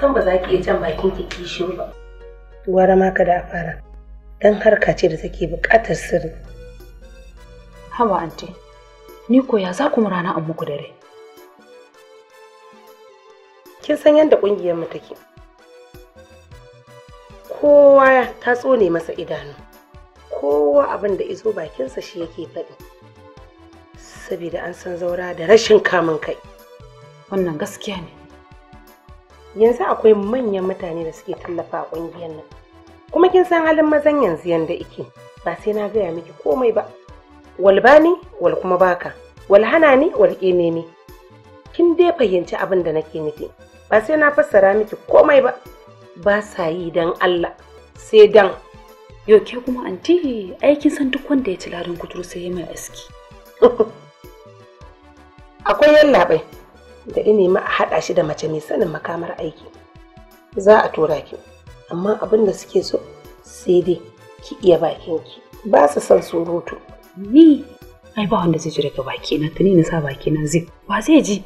san ba za ki iya jan bakin ki kishin ba. Gwara ma ka da fara, don harka ce da take buƙatar sirri. Haba anti, ni ko ya za ku rana a muku dare? Kin san yadda ƙungiyar mu take. Kowa ta tsone masa idanu, kowa abin da izo bakinsa shi yake faɗi. saboda an san zaura da rashin kamun kai. Wannan gaskiya ne. yanzu akwai manyan mutane da suke tallafa a ƙungiyar nan kuma kin san halin mazan yanzu yanda ike ba sai na gaya miki komai ba wal bani wal kuma baka wal hana ni wal ni kin dai fahimci abin da nake nufi ba sai na fassara miki komai ba ba sa yi dan Allah sai dan Yauke kuma anti aikin san duk wanda ya ci larin kuturu sai ya mai aski akwai yallaɓai da inema a haɗa shi da mace mai sanin makamar aiki za a tura ki amma abin da suke so sai dai ki iya bakin ki ba su son surutu ni ai ba wanda zai ji daga baki na tuni na sa baki na zai ba zai ji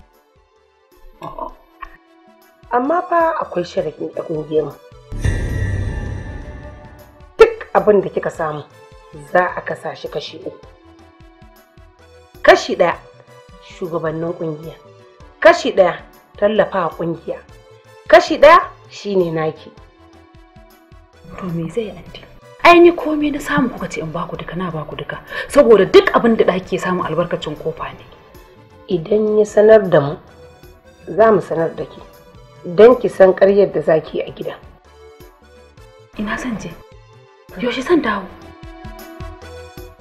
amma fa akwai sharakin a kungiyar mu duk abin da kika samu za a kasa shi kashi uku kashi ɗaya shugabannin kungiya kashi ɗaya tallafa ƙungiya kashi ɗaya shine naki to me zai anti ai ni komai na samu kuka ce in baku duka na baku duka saboda duk abin da ɗaki samu albarkacin kofa ne idan ya sanar da mu za mu sanar da ke don ki san ƙaryar da za ki a gida ina san je yaushe san dawo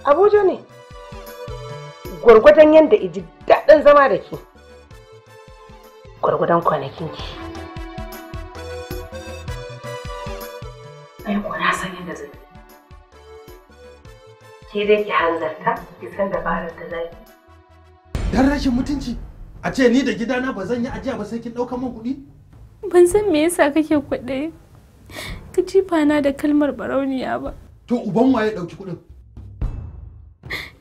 abuja ne gwargwadon yadda iji daɗin zama da ke. gwargwadon kwanakin ki ai ko na san yadda zai ke dai ki hanzarta ki san dabarar da zai. dan rashin mutunci a ce ni da gidana ba zan yi ajiya ba sai kin ɗauka min kuɗi ban san me yasa kake kuɗi ka jifa na da kalmar barauniya ba to uban waye ɗauki kuɗin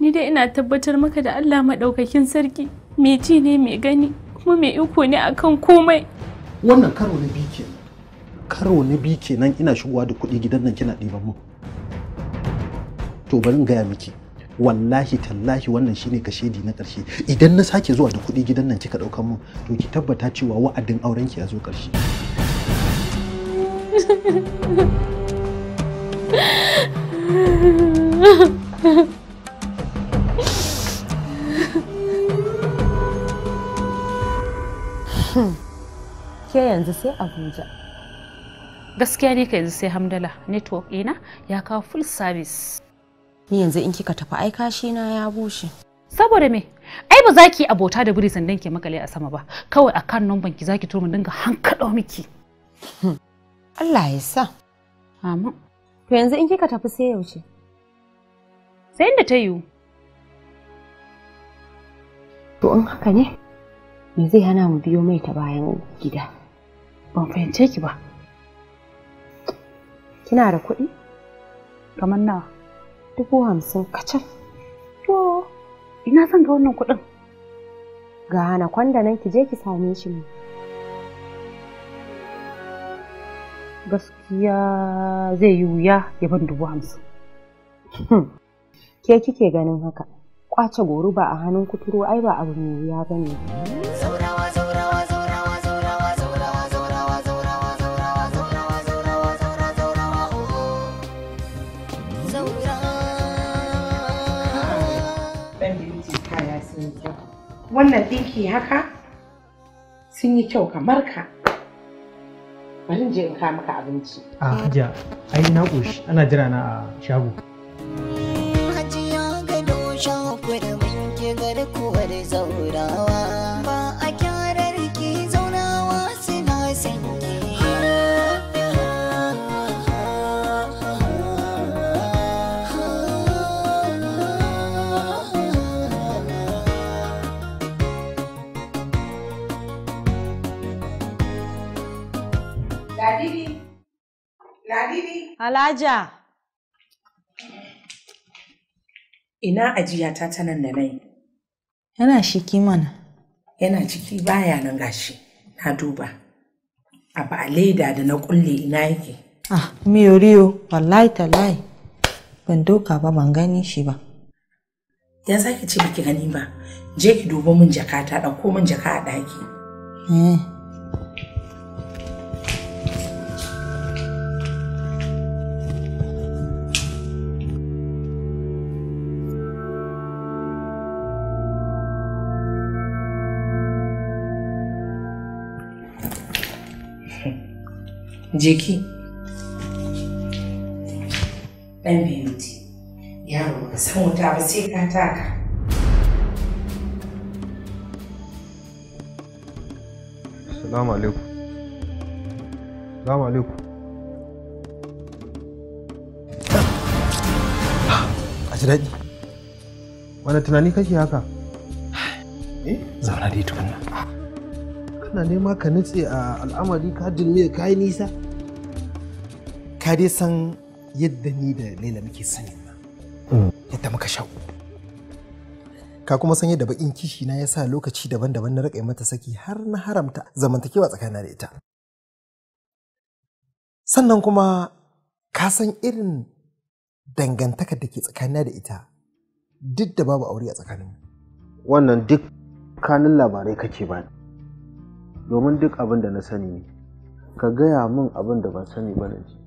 ni dai ina tabbatar maka da Allah maɗaukakin sarki mai ji ne mai gani kuma mai iko ne akan komai wannan karo na biyu kenan karo na biyu kenan ina shigowa da kuɗi gidan nan kina ɗiban mu to bari in gaya miki wallahi tallahi wannan shine kashedi na ƙarshe idan na sake zuwa da kuɗi gidan nan kika ɗaukan mu to ki tabbata cewa wa'adin auren ki ya zo ƙarshe Ha ke yanzu sai abuja gaskiya ne ka yanzu sai hamdala network ina ya kawo full service ni yanzu in kika tafi ai kashi na ya bushe saboda me ai ba za ki abota da buri sandan ke makale a sama ba kawai akan numban ki zaki turo mu dinga hankalo miki hmm. Allah ya sa amma to yanzu in kika tafi sai yaushe sai inda ta yiwu to in haka ne me zai hana mu biyo mai ta bayan gida ban fahimce ki ba kina da kuɗi kamar nawa dubu hamsin kacal to ina zan ga wannan kuɗin ga hana kwanda nan ki je ki same shi ne gaskiya zai yi wuya ya ban dubu hamsin hmm. ke kike ganin haka kwace goruba a hannun kuturu ai ba abu mai wuya ba ne. Wannan ɗinki haka sun yi kyau kamar ka. Bari je in ka maka abinci. A hajiya, ai na ƙoshi ana jira na a shago. Alaja. Ina ajiya ta nan da nai. Yana shi mana. Yana ciki baya nan gashi, na duba. A a leda da na kulle ina yake. Ah, miyo riyo, wallahi talai. Ban doka ba ban gani shi ba. Ya sake ce biki gani ba, je ki duba min jaka ta ɗauko min jaka a ɗaki. Eh. jiki ɗan biyuti yaro ba san wuta ba sai ka taka salamu alaikum salamu alaikum a ah, ji daɗi wani tunani kake haka eh? zauna dai tukunna kana nema ka nutse a al'amari ka dulmiya ka yi nisa ka dai san yadda ni da laila muke sanin ma, mm. yadda muka sha ka kuma san yadda bakin kishi na yasa lokaci daban-daban na rike mata saki har na haramta zamantakewa tsakanin da ita sannan kuma ka san irin dangantakar da ke tsakanina da ita duk da babu aure a tsakaninmu wannan duk kanin labarai kake ba domin duk abin da na sani ka gaya min abin da ban sani ba ne.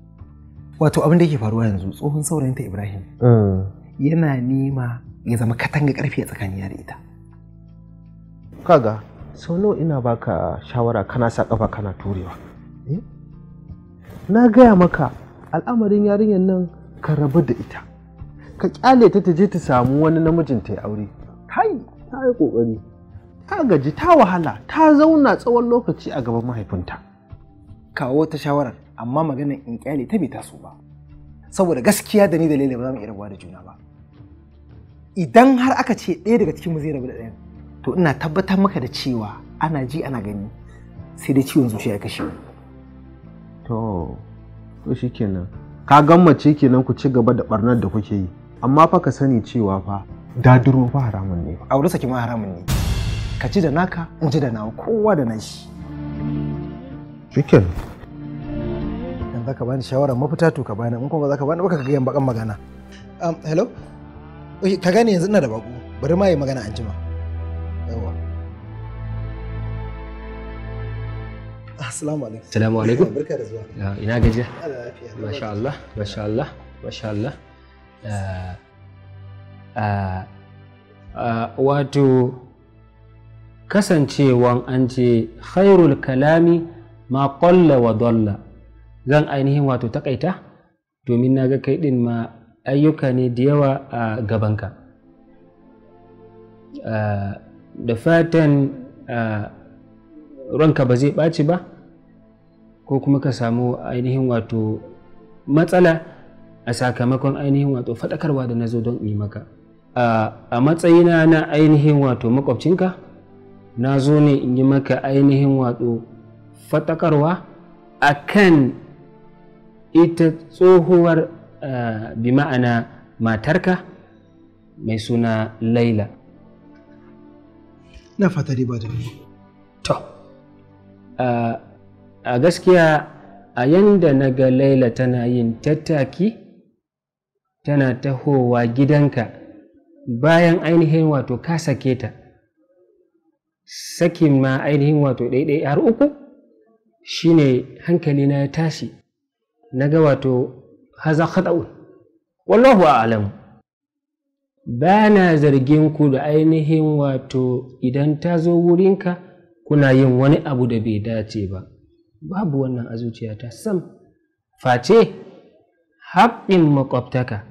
wato abin da yake faruwa yanzu tsohon saurayinta ibrahim mm. yana nema ya zama katanga karfi a tsakanin da ita kaga sau nawa ina baka shawara kana sa kafa kana turewa eh? na gaya maka al'amarin yarinyar nan ka rabu da ita ka kyale ta je ta samu wani namijin ta yi aure kai ta yi kokari ta gaji ta wahala ta zauna tsawon lokaci a gaban mahaifinta kawo ta shawarar amma maganar in kyale ta bai taso ba saboda gaskiya da ni da ba za mu iya rabuwa da juna ba idan har aka ce ɗaya daga cikin mu zai rabu da ɗayan to ina tabbatar maka da cewa ana ji ana gani sai dai ciwon zuciya ya kashe to to shikenan ka gammace kenan ku ci gaba da barnar da kuke yi amma fa ka sani cewa fa daduro fa haramun ne a aure saki ma haramun ne ka ci da naka in ji da nawa kowa da nashi shikenan za ka bani shawara mafita to ka bani in kuma za ka bani baka ka ga bakan magana um, hello ka gane yanzu ina da bako bari ma yi magana an jima yawa assalamu alaikum assalamu alaikum barka da zuwa ina gaje masha Allah masha Allah masha Allah eh, eh, eh, wato kasancewan an ce khairul kalami ma qalla wa dalla zan ainihin wato takaita domin na ga kai ɗin ma ayyuka ne da yawa a gabanka da fatan ranka ba zai ɓaci ba ko kuma ka samu ainihin wato matsala a sakamakon ainihin wato faɗakarwa da na zo don yi maka a matsayina na ainihin wato makwabcinka na zo ne in yi maka ainihin wato faɗakarwa a kan ita tsohuwar eh, bi ma'ana matarka mai suna laila na fata da to a gaskiya a yanda na ga laila tana yin tattaki tana tahowa gidanka bayan ainihin wato ka sake ta sakin ma ainihin wato ɗaiɗai har uku shine hankali na ya tashi na ga wato haza khata'un wallahu a'lam ba na zargin ku da ainihin wato idan ta zo wurinka kuna yin wani abu da bai dace ba babu wannan a zuciyata sam face haƙƙin makwabtaka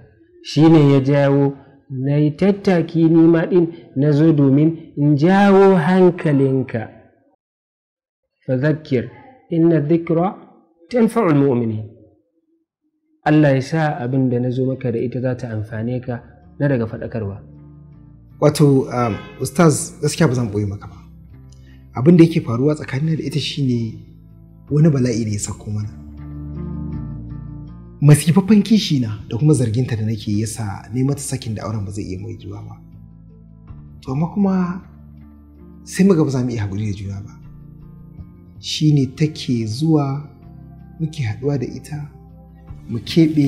ne ya jawo na yi tattaki nima ɗin na zo domin in jawo hankalinka fazakir inna dhikra tanfa'ul mu'minin Allah ya sa abin da na zo maka da ita za ta amfane ka na daga faɗakarwa. Wato, um, Ustaz, gaskiya ba zan ɓoye maka ba. Abin da yake faruwa tsakanin da ita shine wani bala'i ne ya sako mana. Masifaffen kishi na da kuma zarginta da nake ya sa ne mata sakin da auren ba zai iya mai ba. To, amma kuma sai muka ba za mu iya haƙuri da juna ba. Shi ne take zuwa muke haɗuwa da ita mu keɓe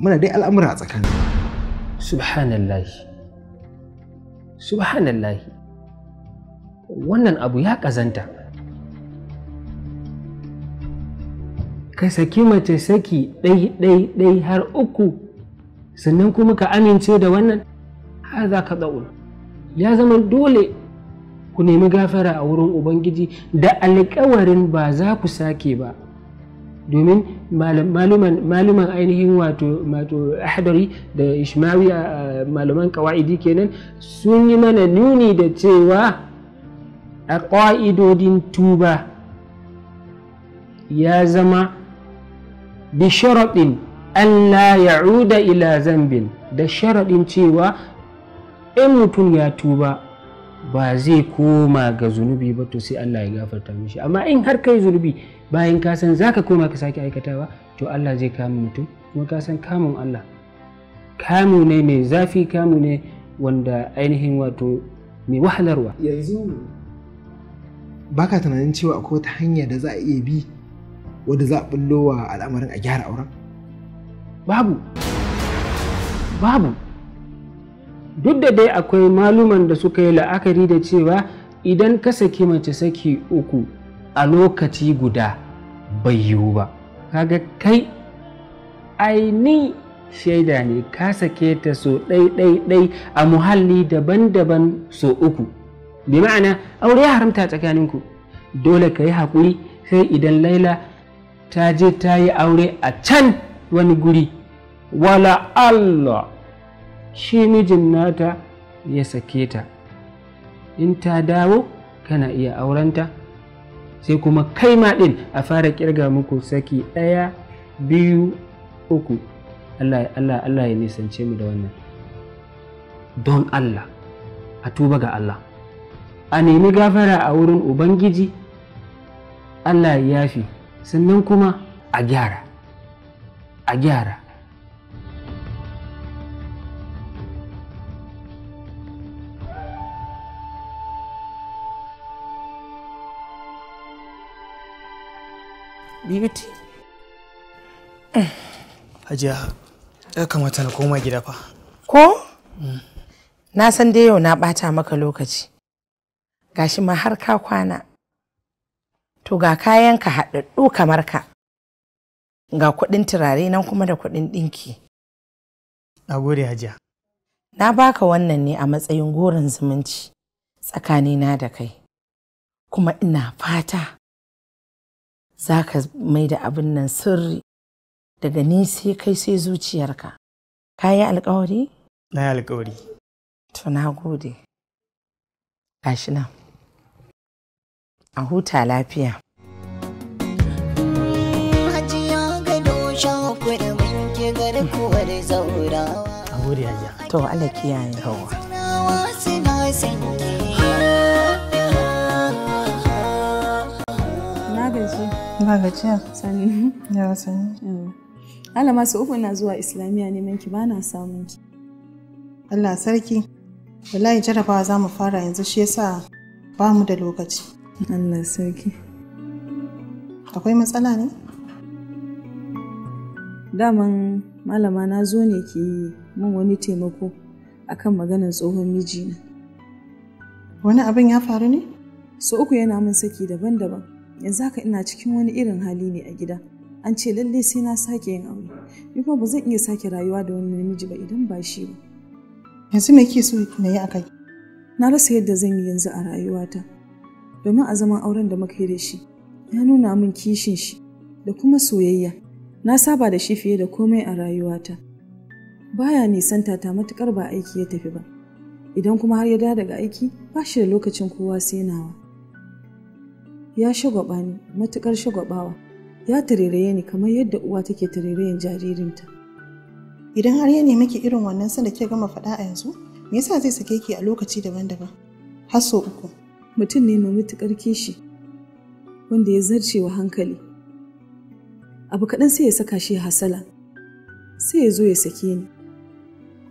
muna dai al'amura a tsakanin subhanallahi subhanallahi wannan abu ya ƙazanta ka saki mace saki ɗai ɗai ɗai har uku sannan kuma ka amince da wannan har za ka ɗa'ul ya zama dole ku nemi gafara a wurin ubangiji da alƙawarin ba za ku sake ba domin maluman ainihin wato ahdari da ishmawi a malaman kawa'idi kenan sun yi mana nuni da cewa a ƙa'idodin tuba ya zama bisharaɗin Allah ya ruda ila zambin da sharaɗin cewa in mutum ya tuba ba zai koma ga zunubi ba to sai Allah ya gafarta mishi amma in har kai zunubi bayan ka san zaka koma ka sake aikatawa to Allah zai kama mutum kuma ka san kamun Allah kamu ne mai zafi kamu ne wanda ainihin wato mai wahalarwa yanzu baka tunanin cewa akwai wata hanya da za a iya bi wadda za a bullo wa al'amarin a gyara auren babu babu duk da dai akwai maluman da suka yi la'akari da cewa idan ka saki mace saki uku a lokaci guda bai yiwu ba kaga kai aini shaida ne ka sake ta so ɗai-ɗai-ɗai a muhalli daban-daban so uku bi ma'ana aure ya haramta tsakaninku dole ka yi haƙuri sai idan laila ta je ta yi aure a can wani guri wala Allah shi mijin nata ya sake ta in ta dawo kana iya aurenta sai kuma kai ma ɗin a fara kirga muku saki ɗaya biyu uku Allah Allah Allah ya nisance mu da wannan don Allah a tuba ga Allah a nemi gafara a wurin Ubangiji Allah ya yafi sannan kuma a gyara a gyara Bibiti. Hajiya, ya kamata na koma gida fa. Ko? Na san dai yau na ɓata maka lokaci. Gashi ma har ka kwana. To ga kayanka haɗaɗɗu kamar ka. Ga kuɗin turare nan kuma da kuɗin ɗinki. Na gode Hajiya. Na baka wannan ne a matsayin goron zumunci tsakanina da kai. Kuma ina fata za ka mai da abin nan sirri daga ni sai kai sai zuciyarka ka yi alkawari? na yi alkawari to na gode gashi nan a huta lafiya a gode hajiya to Allah kiyaye gaji. Alama su uku na zuwa Islamiyya neman ki ba na samun ki. Allah sarki. Wallahi jarabawa za mu fara yanzu shi yasa ba mu da lokaci. Allah sarki. Akwai matsala ne? Daman malama na zo ne ki mun wani taimako akan maganar tsohon mijina. Wani abin ya faru ne? Su uku yana min saki daban-daban. yanzu haka ina cikin wani irin hali ne a gida an ce lallai sai na sake yin aure ni kuma ba zan iya sake rayuwa da wani namiji ba idan ba shi ba yanzu me ke so na yi akai na rasa yadda zan yi yanzu a rayuwata domin a zaman auren da muka yi da shi ya nuna min kishin shi da kuma soyayya na saba da shi fiye da komai a rayuwata baya nisanta ta matukar ba aiki ya tafi ba idan kuma har ya dawo daga aiki ba shi da lokacin kowa sai nawa ya shagwaba ni matuƙar shagwabawa ya tareraye ni kamar yadda uwa take tarerayen jaririnta idan har ya nemi ki irin wannan sanda ke gama faɗa a yanzu me yasa zai sake ki a lokaci daban-daban har so uku mutum ne mai matuƙar kishi wanda ya zarce wa hankali abu kaɗan sai ya saka shi hasala sai ya zo ya sake ni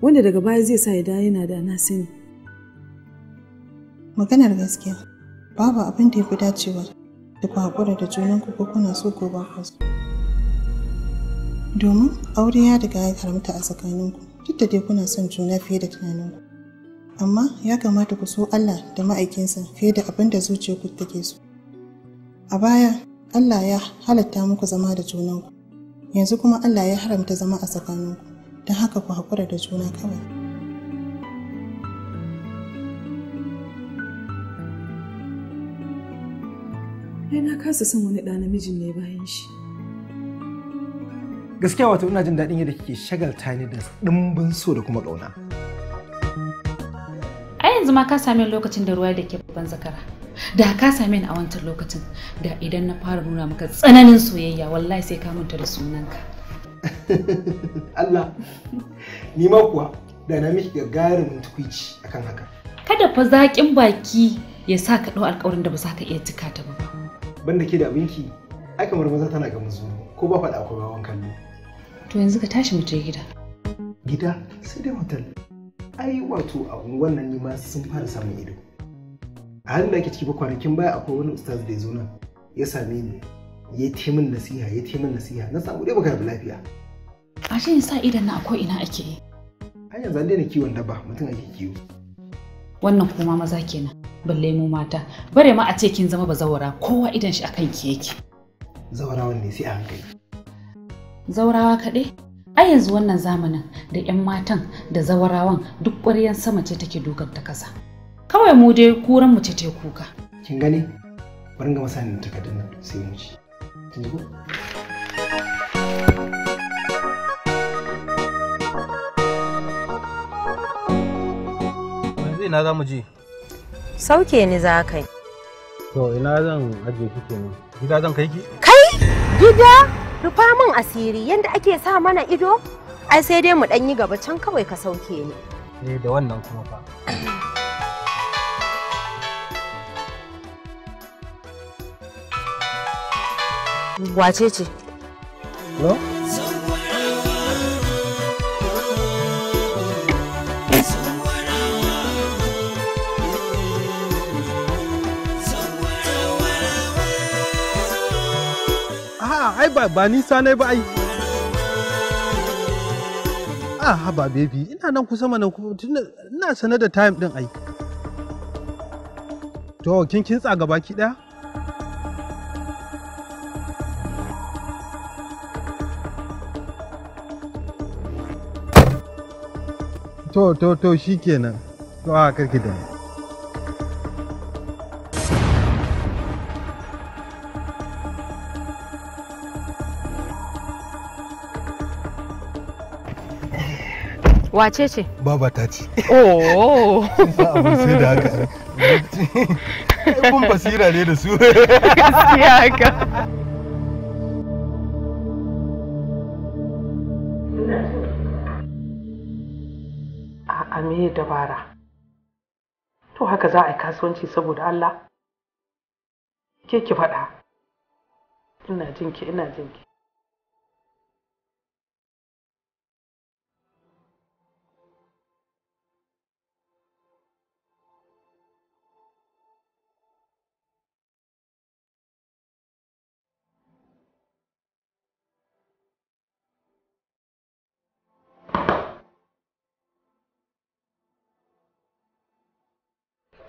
wanda daga baya zai sa ya da yana da na sani maganar gaskiya babu abin da ya fi dacewa da ku haƙura da junanku ko kuna so ko ba ku so domin aure ya riga ya haramta a tsakaninku duk da dai kuna son juna fiye da tunaninku amma ya kamata ku so Allah da ma'aikinsa fiye da abin da zuciyarku take so a baya Allah ya halatta muku zama da ku yanzu kuma Allah ya haramta zama a tsakaninku don haka ku haƙura da juna kawai Ai na kasa son wani ɗa namijin ne bayan shi. Gaskiya wato ina jin daɗin yadda kike shagalta ni da ɗimbin so da kuma ƙauna. Ai yanzu ma ka same lokacin da ruwa da ke babban zakara. Da ka same ni a wancan lokacin da idan na fara nuna maka tsananin soyayya wallahi sai ka manta da sunanka. Allah ni ma kuwa da na miki gagarin tukwici akan haka. Kada fa zaƙin baki ya sa ka ɗau alƙawarin da ba za ka iya cika ta ba. banda ke da abinki ai kamar maza tana ga mazuru ko ba faɗa ko wawan kallo to yanzu ka tashi mu je gida gida sai dai hotel ai wato a wannan ne ma sun fara samun ido a halin da ake ciki ba kwanakin baya akwai wani ustaz da ya zo nan ya same ni ya yi min nasiha ya yi min nasiha na samu dai bakar lafiya a shi sa idan na akwai ina ake yi har yanzu an daina kiwon daba mutum ake kiwo wannan kuma maza kenan balle mu mata bare ma a ce kin zama bazawara kowa idan shi akan ki yake Zawarawa ne sai a hankali zawarawa kaɗai a yanzu wannan zamanin da 'yan matan da zawarawan duk ƙwaryan sama ce take dukan ta kasa kawai mu dai kuran mu ce ta kuka kin gani bari ga masani ta takardun nan sai mu ci za mu je Sauke ni za kai. To ina zan aje ki kenan. Gida zan kai ki? Kai? Gida? Rufa min asiri yanda ake sa mana ido? Ai sai dai mu dan yi gaba can kawai ka sauke ni. Eh da wannan kuma fa. Wace ce? No? ai ba ba nisa ne ba ai a ah, haba baby ina nan kusa mana ina sane da time din ai to kin kintsa gaba ki daya to to to shikenan to a karki da ni wace ce baba ta ce oh sai da haka kun basira ne da su a me dabara to haka za a yi kasuwanci saboda Allah ke ki faɗa ina jinki ina jinki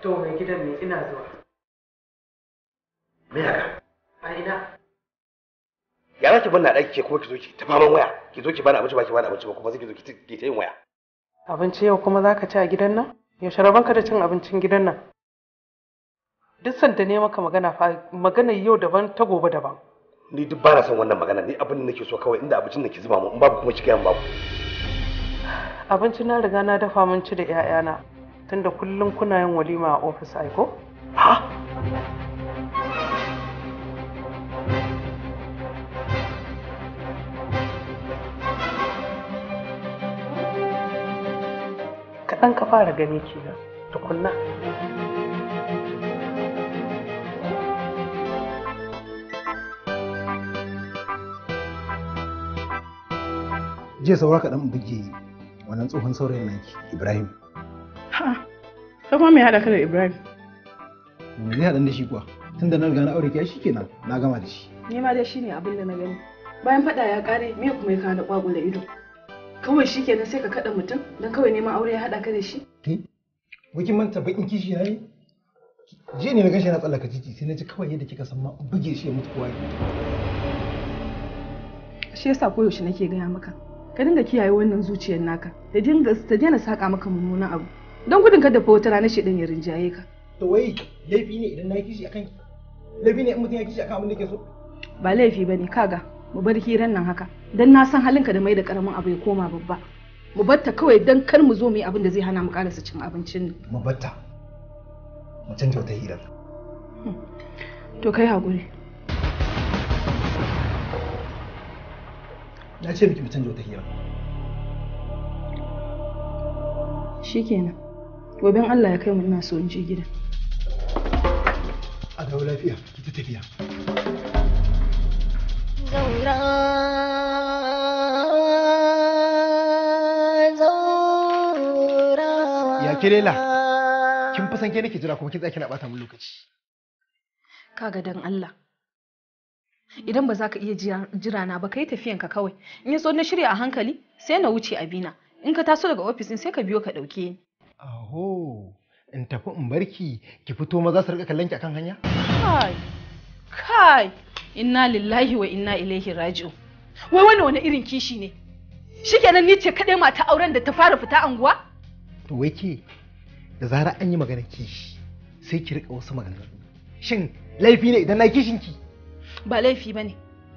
to mai gidan ne ina zuwa me haka a ina ya za ki banna ɗaki ke kuma ki zo ki ta faman waya ki zo ki bani abinci ba ki bani abinci ba kuma zai ki zo ki ta yin waya abinci yau kuma za ka ci a gidan nan yaushe ka da cin abincin gidan nan duk sanda ne maka magana fa magana yau daban ta gobe daban ni duk ba na son wannan magana ni abin da nake so kawai inda abincin da ke zuba mu in babu kuma cikayen babu abincin na riga na dafa mun ci da 'ya'yana tunda kullum kuna yin walima a ofis aiko? Ha! Kaɗan ka fara gani kenan tukunna. Jiya saura kaɗan buge wannan tsohon saurayin naki Ibrahim. kafa mai me haɗa kada Ibrahim? Me zai haɗa da shi kuwa? Tunda na riga na aure kai shikenan na gama da shi. Ni ma dai shine abin da na gani. Bayan faɗa ya ƙare me kuma ya kana kwakwal da ido? Kawai shi shikenan sai ka kaɗa mutum don kawai neman aure ya haɗa ka da shi? Ke? Wakin manta bakin kishi ya yi? Jiya ne na gashi na tsallaka titi sai na ji kawai yadda kika san ma buge shi ya mutu kowa Shi yasa koyaushe nake gaya maka. Ka dinga kiyaye wannan zuciyar naka. Ta dinga ta daina saka maka mummunan abu. don gudun kada fa wata rana shedan ya rinjaye ka to wai laifi ne idan na yi kishi akan laifi ne in mutum ya kishi akan abin da yake so ba laifi bane kaga mu bar hiran nan haka dan na san halinka da mai da karamin abu ya koma babba mu batta kawai dan kar mu zo mu yi abin da zai hana mu karasa cin abincin nan mu batta mu canja wata hirar hmm. to kai hakuri na ce miki mu canja wata hirar shikenan gobe Allah ya kai mu ina so in je gida a dawo lafiya ki ta tafiya zaura ke lela kin fi san ke nake jira kuma kin tsaya kina bata mun lokaci kaga dan Allah idan ba za ka iya jira na ba kai tafiyanka kawai in ya so na shirya a hankali sai na wuce abina in ka taso daga ofis sai ka biyo ka dauke ni Aho, in tafi in barki ki fito maza su rika kallon ki akan hanya? Kai, kai, inna lillahi wa inna ilaihi raji'u. Wai wani wani irin kishi ne? Shikenan ni ce kaɗai mata auren da ta fara fita anguwa? To wai ke, da zarar an yi magana kishi, sai ki rika wasu magana. Shin laifi ne idan na kishin ki? Ba laifi ba ne,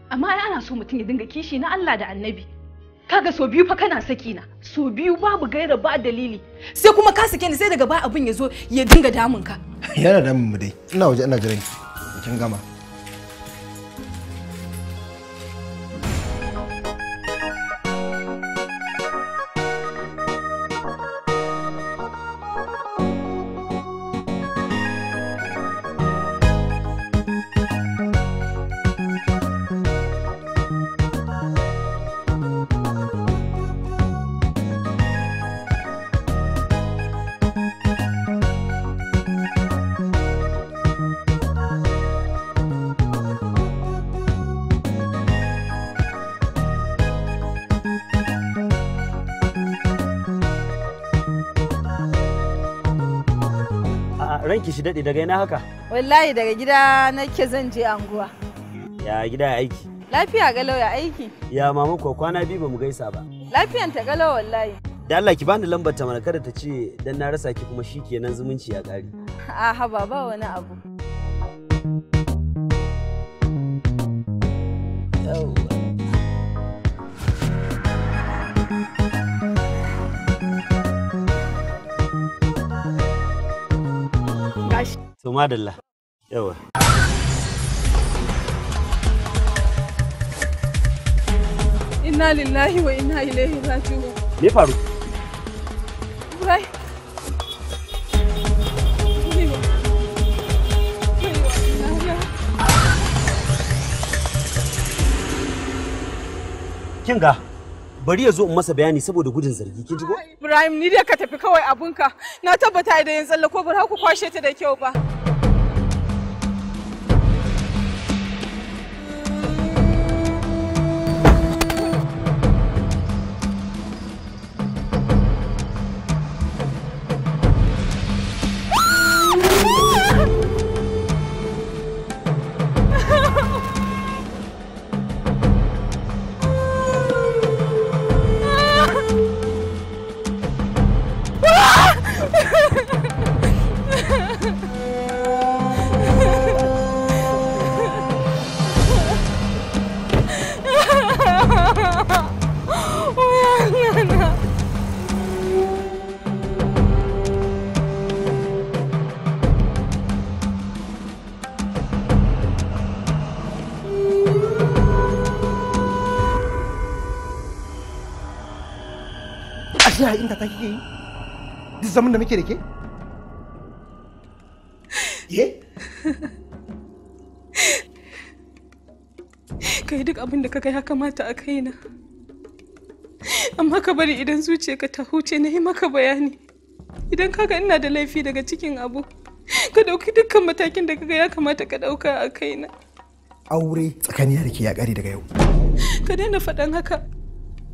amma ana so mutum ya dinga kishi na Allah da annabi. kaga so biyu fa kana saki na so biyu babu gaira ba dalili sai kuma ka sake ni sai daga ba abin ya zo ya dinga damun ka yana damun mu dai ina waje ina jiran kin gama aiki shi daɗe daga yana haka? Wallahi daga gida nake zan je anguwa. Ya gida ya aiki? Lafiya galau ya aiki. Ya mama ko kwana biyu bamu gaisa ba. Lafiyan ta galau wallahi. Da Allah ki bani lambar ta mana kada ta ce dan na rasa ki kuma shikenan zumunci ya ƙare. A haba ba wani abu. madalla yawa inna lillahi wa inna ilaihi raji'un me faru Ibrahim kin ga bari ya zo in masa bayani saboda gudun zargi kin ji ko Ibrahim ni dai ka tafi kawai abunka na tabbata idan tsalle ko ba ku kwashe ta da kyau ba samun da muke da ke? Ye? yi duk abin da ka kai ya kamata a kaina. Amma ka bari idan ka ta huce na yi maka bayani. Idan kaga ina da laifi daga cikin abu, ka ɗauki dukkan matakin da kaga ya kamata ka ɗauka a kaina. Aure ya ki ya ƙare daga yau. Ka daina faɗan haka.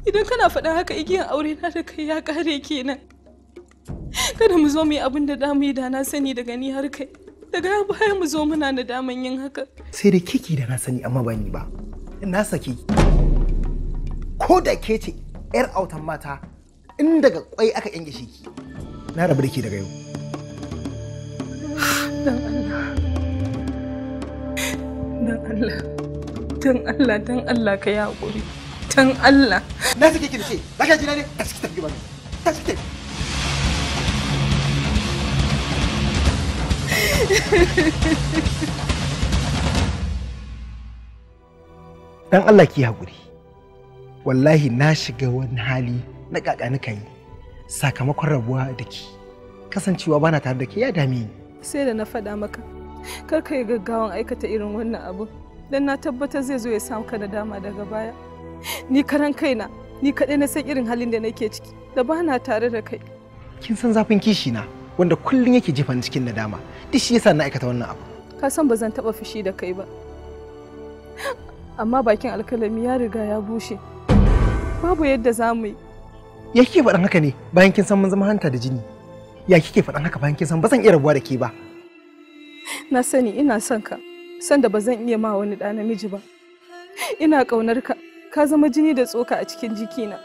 Idan kana faɗan haka igiyan aure na da kai ya ƙare kenan. kada mu zo mu yi abin da damu yi da na sani daga ni har kai daga baya mu zo muna da daman yin haka sai da kiki da na sani amma ba ni ba na saki ko da ke ce yar autan mata in daga kwai aka yanke shi ki na rabu da ke daga yau dan Allah dan Allah dan Allah ka yi haƙuri dan Allah na saki ki da ce za ka ji na ne ta saki tafi ba ta saki tafi Dan Allah ki haƙuri. Wallahi na shiga wani hali na ƙaƙani kai sakamakon rabuwa da ki. Kasancewa bana tare da ki ya dame ni. Sai da na faɗa maka. Kar ka yi gaggawan aikata irin wannan abu. Dan na tabbatar zai zo ya samu ka da dama daga baya. Ni karan kaina, ni kaɗai na san irin halin da nake ciki, da bana tare da kai. Kin san zafin kishi na, wanda kullum yake jefan cikin nadama. duk shi yasa na aikata wannan abu ka san ba zan taba fushi da kai ba amma bakin alkalami ya riga ya bushe babu yadda za mu yi ya kike faɗan haka ne bayan kin san mun zama hanta da jini ya kike faɗan haka bayan kin san ba zan iya rabuwa da ke ba na sani ina son ka san da ba zan iya ma wani ɗa namiji ba ina ƙaunar ka ka zama jini da tsoka a cikin jikina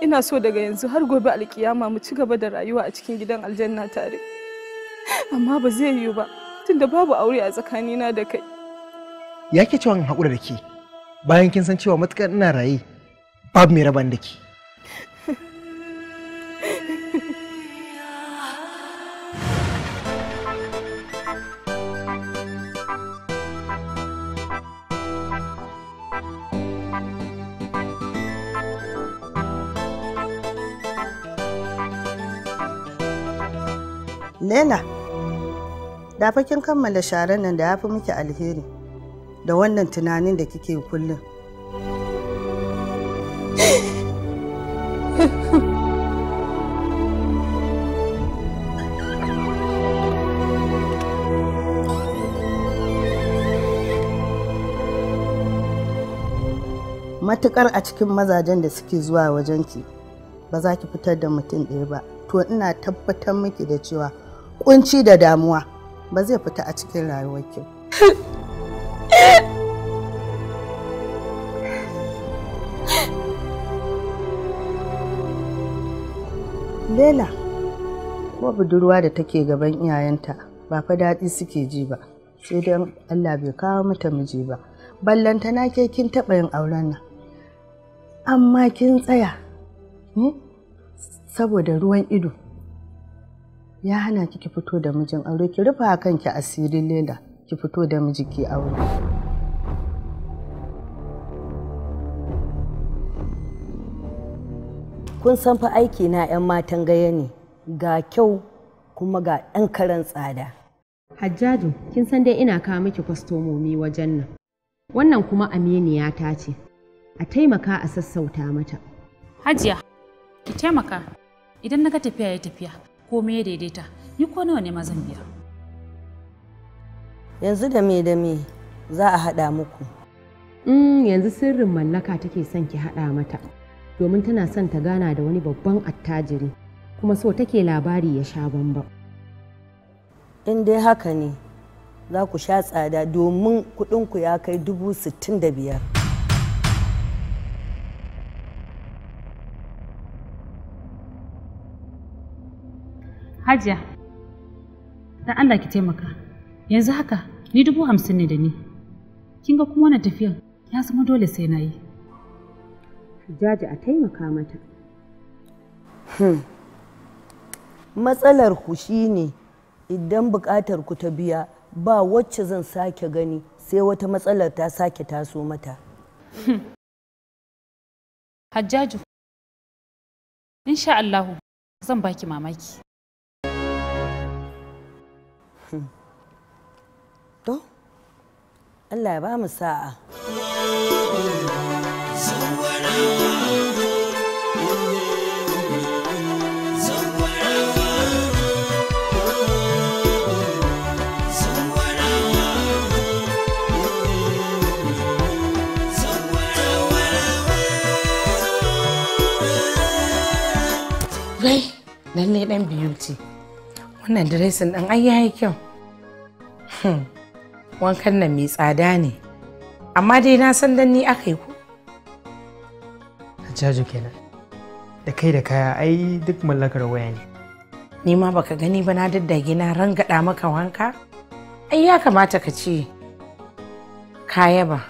ina so daga yanzu har gobe alkiyama mu ci gaba da rayuwa a cikin gidan aljanna tare amma ba zai yiwu ba tunda babu aure a tsakanina da kai ya ke cewa in haƙura da ke bayan kin san cewa matuƙar ina raye babu mai raban da ke Lena. da fa kin kammala sharan nan da ya fi miki alheri da wannan tunanin da kike kullum matukar a cikin mazajen da suke zuwa wajenki ba za ki fitar da mutum ɗaya ba to ina tabbatar miki da cewa kunci da damuwa ba zai fita a cikin rayuwar rayuwarki Lela ko budurwa da take gaban iyayenta ba fa daɗi suke ji ba sai dai Allah bai kawo mata miji ba na ke kin taɓa yin auren nan amma kin tsaya hmm? saboda ruwan ido ya hana ki ki fito da mijin aure ki rufa kanki asirin lela ki fito da miji ki aure kun san fa aiki na 'yan matan gaya ne ga kyau kuma ga ɗan karen tsada hajjaju kin san dai ina kawo miki kwastomomi wajen nan wannan kuma aminiya ta ce a taimaka a sassauta mata hajiya ki taimaka idan na ga tafiya ya tafiya komai ya daidaita ni ko nawa ne ma biya yanzu da me da me za a haɗa muku mm, yanzu sirrin mallaka take son ki haɗa mata domin tana son ta gana da wani babban attajiri kuma so take labari ya sha bamba in dai haka ne za ku sha tsada domin kuɗinku ya kai dubu sittin da biyar Hajiya, dan Allah ki taimaka. Yanzu haka ni dubu hamsin ne da ni. Kin ga kuma wannan tafiyan ya zama dole sai na yi. Jaji a taimaka mata. Hmm. Matsalar ku shi ne idan buƙatar ku ta biya ba wacce zan sake gani sai wata matsalar ta sake taso mata. Hmm. Hajjaju, insha Allahu zan baki mamaki. Allah ya ba mu sa'a. Gai, lallai ɗan biyu ce. Wannan diresin ɗan ai yayi kyau. Hmm. wankan nan mai tsada ne amma dai na san dan ni aka yi ku jajo kenan da kai da kaya ai duk mallakar waya ne ni ma baka gani ba na daddage na rangada maka wanka ai ya kamata ka ce kaya ba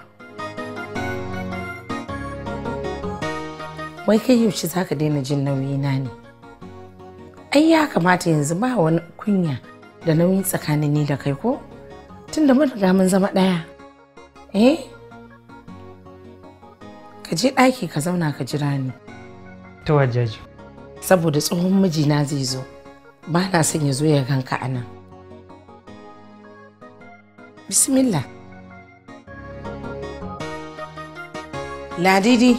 wai kai yaushe za ka daina jin nauyi na ne ai ya kamata yanzu ba wani kunya da nauyi tsakanin ni da kai ko tun da mun riga mun zama ɗaya eh ka je ɗaki ka zauna ka jira ni ta wajaji saboda tsohon mijina zai zo ba na son ya zo ya ganka a nan bismillah ladidi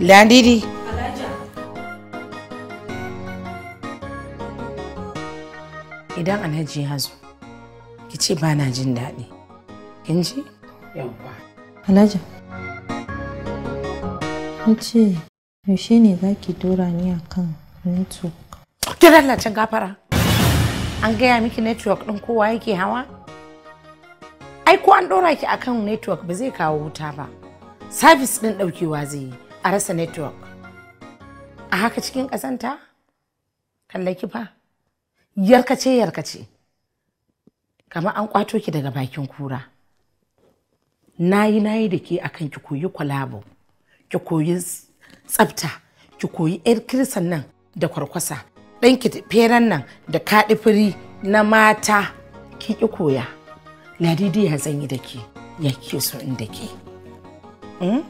ladidi idan alhaji ya zo ki ce ba na jin daɗi kin ji yawwa alhaji In ce yaushe ne za ki dora ni a kan network ki lallacin gafara an gaya miki network ɗin kowa yake hawa ai ko an dora ki a kan network ba zai kawo wuta ba sabis ɗin ɗaukewa zai yi a rasa network a haka cikin ƙazanta kallaki fa yarkace yarkace kamar an kwato ki daga bakin kura na nayi nayi da ke akan ki koyi kwalabo ki koyi tsafta ki koyi yar kirsan nan da kwarkwasa ki feran nan da kaɗifiri na mata ki ki koya ladidi ya zanyi da ke ya ke so in da ke hmm?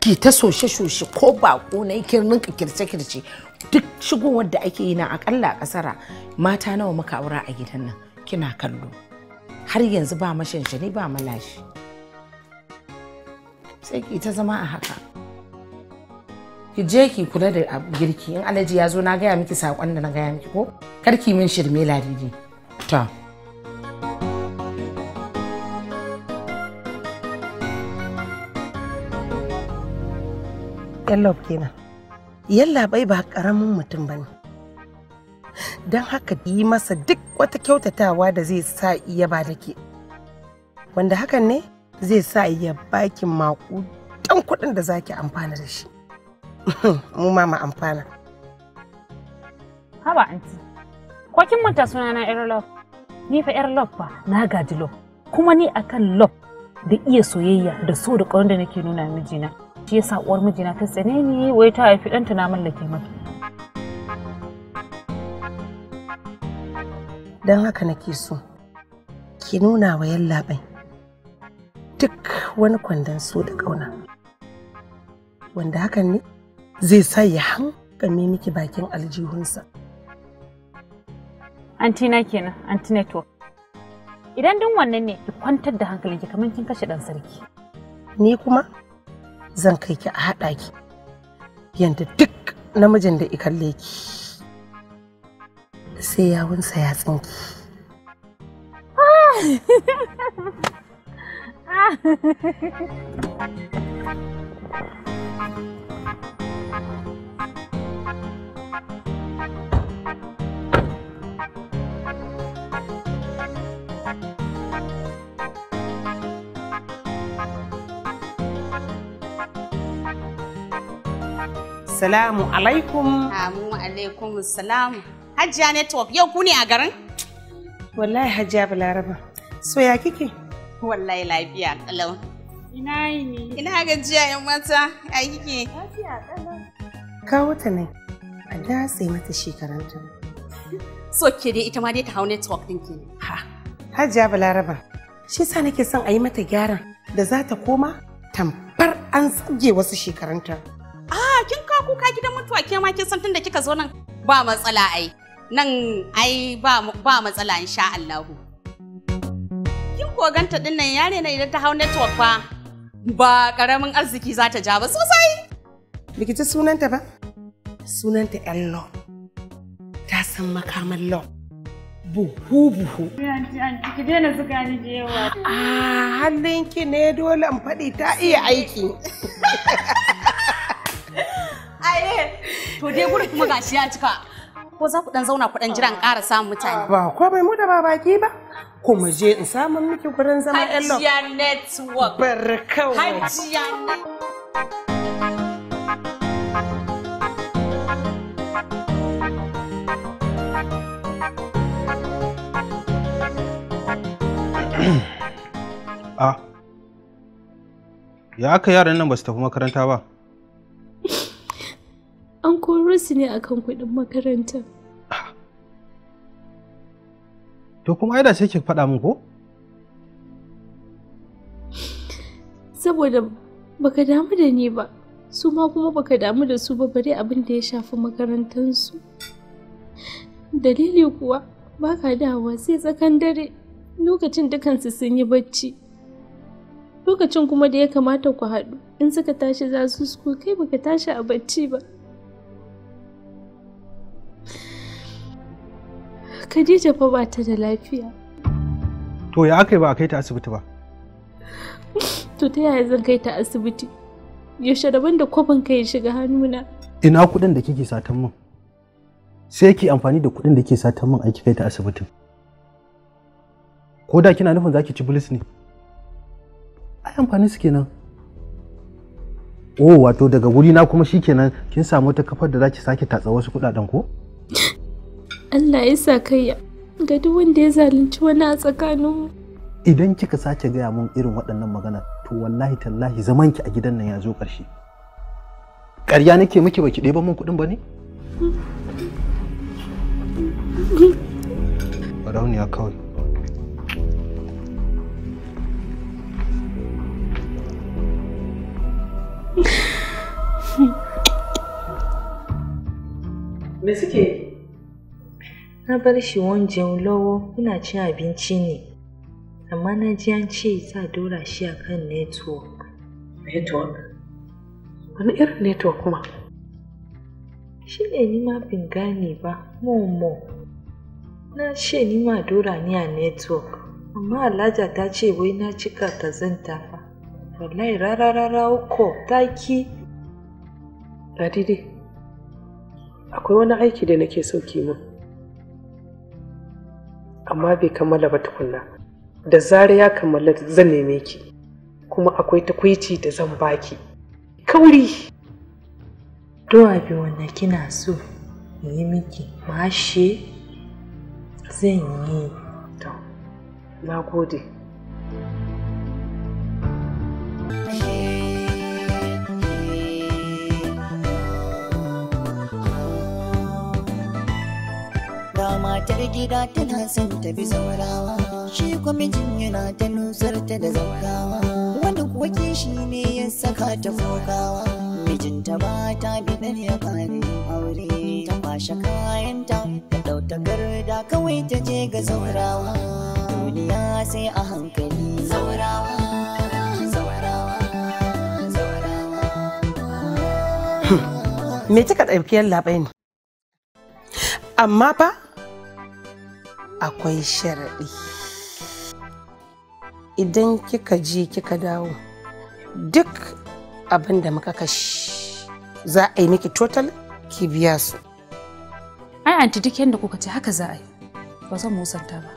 ki ta soshe-soshe ko ko na ka kirce-kirce duk shigowar da ake yi na akalla a kasara mata nawa muka aura a gidan nan kina kallo har yanzu ba mashanshani ba malashi sai ki ta zama a haka ki je ki kula da girki in alaji ya zo na gaya miki saƙon da na gaya miki ko kar min shirme ladidi ta yallof kenan yalla bai ba karamin mutum bane don haka yi masa duk wata kyautatawa da zai sa iya ba da ke wanda hakan ne zai sa iya baki maku dan kuɗin da zaki amfana da shi mu ma ma amfana haba anti ko kin manta suna na yar love ni fa yar love ba na gaji love kuma ni akan love da iya soyayya da so da ƙwarin da nake nuna mijina shi yasa uwar mijina ta tsane ni wai ta haifi ɗanta na mallake maki. don haka nake so ki nuna wa yallaɓai duk wani kwandon so da ƙauna wanda hakan ne zai sa ya hankali miki bakin aljihunsa antina kenan anti network idan din wannan ne ki kwantar da hankalinki kamar kin kashe dan sarki ni kuma zan kai ki a haɗa ki yanda duk namijin da ikalle ki sai wunsa ya tsinki Salamu alaikum. Salamu alaikum salamu. Hajiya Network yau ku ne a garin? Wallahi Hajiya Balaraba. So ya kike? Wallahi lafiya kalau. Ina ne? Ina gajiya yan mata. Ya kike? Lafiya kalau. Kawo ta ne. A datse mata ta. So ke dai ita ma dai ta hau network din ke. Ha. Hajiya Balaraba. Shi sa nake son a yi mata gyaran da za ta koma tamfar an tsage wasu shekarunta. Ah, kin ka kuka gidan mutuwa ke ma kin san tunda kika zo nan ba matsala ai. nan ai ba ba matsala insha Allah kin ko ganta din nan yare na idan ta hau network fa ba karamin arziki za ta ja ba sosai biki sunanta ba sunanta Ello. ta san makaman law buhu buhu. Ki daina zuga ni da yawa. Ah, hannunki ne dole in faɗi ta iya aiki. Aye, to dai gurin kuma gashi ya cika. ko za ku dan zauna ku dan jiran ƙara samun mutane ba ko bai mu da ba baki ba ko mu je in samu miki gurin zama yan lo hajiya network barkawa hajiya Ah, ya aka yaran nan ba su tafi makaranta ba? an koro su ne akan kuɗin makaranta. To kuma ai da sai ki faɗa min ko? Saboda baka damu da ni ba, su ma kuma baka damu da su ba bare abin da ya shafi makarantansu. Dalili kuwa baka dawa sai tsakan dare lokacin dukansu sun yi bacci. Lokacin kuma da ya kamata ku haɗu in suka tashi za su kai baka tashi a bacci ba. Khadija fa ba ta da lafiya. To ya aka yi ba a kai ta asibiti ba? To ta yaya zan kai ta asibiti? Yaushe daban da kwabin ka ya shiga hannuna. Ina kuɗin da kike satan min? Sai ki amfani da kuɗin da kike satan min aiki kai ta asibitin. Ko da kina nufin zaki ci bilis ne? Ai amfani su kenan. Oh wato daga wuri na kuma shikenan kin samu wata kafar da zaki sake tatsa wasu kuɗaɗen ko? Allah ya sa kai ga duk wanda ya zalunci wani a tsakaninmu. Idan kika sace gaya mun irin waɗannan magana to wallahi tallahi zaman ki a gidan nan ya zo ƙarshe. Ƙarya nake miki baki ɗeba mun kuɗin ba ne? kawai. Me suke na bar shi wani jẹun lọ́wọ́ muna cin abinci ne amma na ji an ce za dora shi a kan network network wani irin network kuma shi ne ni ma bin gane ba mo na ce ni ma dora ni a network amma alhaja ta ce wai na cika ta zanta fa wallahi rararara rara uko ta ki akwai wani aiki da nake so ki amma bai kammala ba tukunna da zara ya kammala zan neme ki kuma akwai takwici da zan baki kauri Doa bi wanda kina so yi miki mashe zan yi to na gode you. matar gida tana son ta bi saurawa shi kwamitin yana ta nusar ta da zaurawa wani kuwa shi ne ya saka ta kokawa mijinta ba ta bidar ya kare aure ta kwashe kayanta ta ɗauta garda kawai ta je ga zaurawa duniya sai a hankali zaurawa hmm. me kika ɗaukiyar labai ne amma fa akwai sharaɗi idan kika ji kika dawo duk abin da muka kashi za a yi miki total ki biya su ai anti duk yadda kuka ce haka za a yi ba zan musanta ba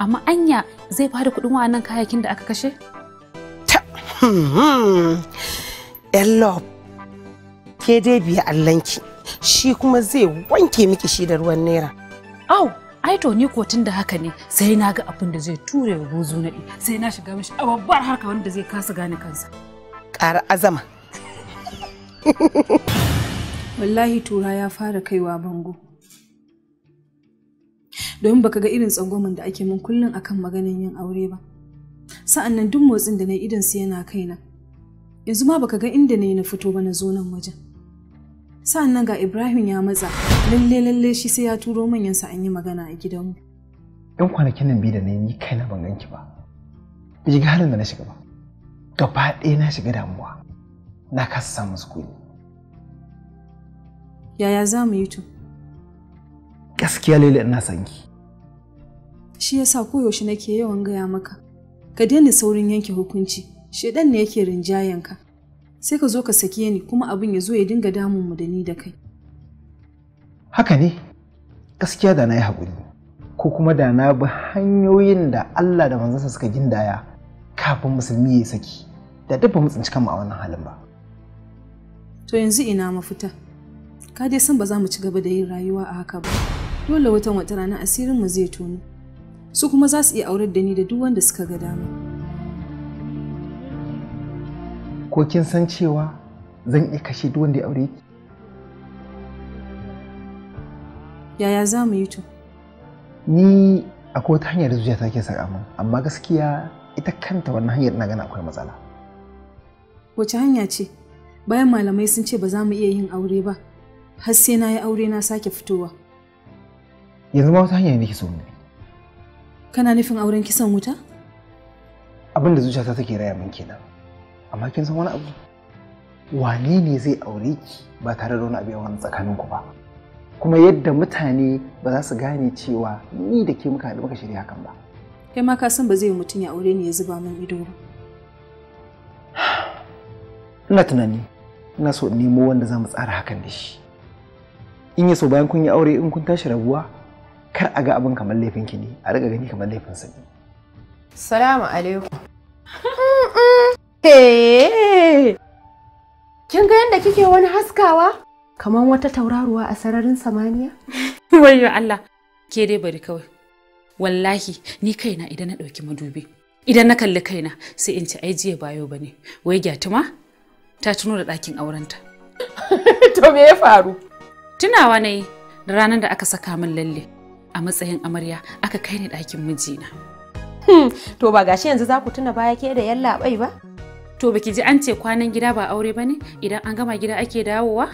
amma anya zai bada kuɗin wa'annan kayakin da aka kashe ta hmm, hmm. yan ke dai biya allanki shi kuma zai wanke miki shi da ruwan naira au ai to ni ko da haka ne sai na ga abin da zai ture wa buzu na sai na shiga mishi a babbar harka wanda zai kasa gane kansa ƙara azama wallahi tura ya fara kaiwa bango domin baka ga irin tsangwamin da ake min kullum akan maganin yin aure ba sa'an nan duk motsin da na idan su yana kaina yanzu ma baka ga inda na na fito ba na zo nan wajen sa'an nan ga ibrahim ya matsa lalle lalle shi sai ya turo manyansa an yi magana a gidanmu yan kwanakin nan biyu da na yi kai kaina ban ganki ba ba shiga halin da na shiga ba gaba ɗaya na shiga damuwa na kasa samun sukuni yaya za mu yi to gaskiya lele ina son ki shi yasa koyaushe nake yawan gaya maka ka daina saurin yanke hukunci shedan ne yake rinjayen ka. sai ka zo ka saki ni kuma abin ya zo ya dinga damun mu da ni da kai haka ne gaskiya da na yi haƙuri ko kuma da na bi hanyoyin da Allah da manzansa suka gindaya kafin musulmi ya saki da dabba mutsin tsinci a wannan halin ba to yanzu ina mafita ka dai san ba za mu ci gaba da yin rayuwa a haka ba dole watan wata rana asirin mu zai tono su kuma za su iya aurar da ni da duk wanda suka ga dama ko kin san cewa zan iya kashe duk wanda ya aure ki yaya za mu yi to ni akwai wata hanyar da zuciyata ke saka min amma gaskiya ita kanta wannan hanyar ina gana akwai matsala wace hanya ce bayan malamai sun ce ba za mu iya yin aure ba har sai na yi aure na sake fitowa yanzu ma wata hanya ne so ne kana nufin auren kisan wuta abin da zuciyata take raya min kenan amma kin san wani abu wane ne zai aure ki ba tare da wani abu yawan tsakaninku ba kuma yadda mutane ba za su gane cewa ni da ke muka haɗu muka shirya hakan ba kai ma ka san ba zai mutum ya aure ni ya zuba min ido ba ina tunani ina so in nemo wanda za mu tsara hakan da shi in ya so bayan kun yi aure in kun tashi rabuwa kar a ga abin kamar laifin ki ne a riga gani kamar laifin sa ne salamu alaikum Eh. Kin ga yadda kike wani haskawa? Kaman wata tauraruwa a sararin samaniya? Wayo Allah, ke dai bari kawai. Wallahi, ni kaina idan na ɗauki madubi. Idan na kalli kaina sai in ci jiya bayo ba ne. Wai gyatuma ta tuno da ɗakin aurenta. to me ya faru? Tunawa na yi da ranar da aka saka min lalle a matsayin amarya aka kai ni ɗakin mijina. Hmm, to ba gashi yanzu za ku tuna baya ke da yallaɓai ba? To baki ji an ce kwanan gida ba aure bane idan an gama gida ake dawowa?